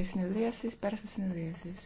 τη συνεδρίαση, πέρα τη συνεδρίαση.